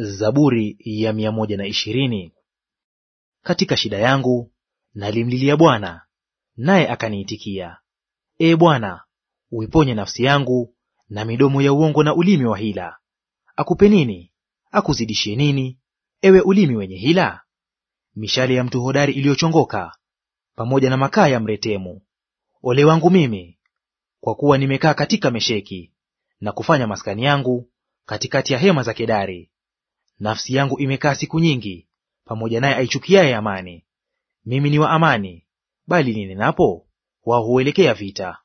Zaburi ya mia moja na ishirini. Katika shida yangu nalimlilia Bwana, naye akaniitikia. Ee Bwana, uiponye nafsi yangu na midomo ya uongo na ulimi wa hila. Akupe nini? Akuzidishie nini, ewe ulimi wenye hila? Mishale ya mtu hodari iliyochongoka pamoja na makaa ya mretemu. Ole wangu mimi, kwa kuwa nimekaa katika Mesheki na kufanya maskani yangu katikati ya hema za Kedari. Nafsi yangu imekaa siku nyingi pamoja naye aichukiaye amani. Mimi ni wa amani, bali ninenapo wao huelekea vita.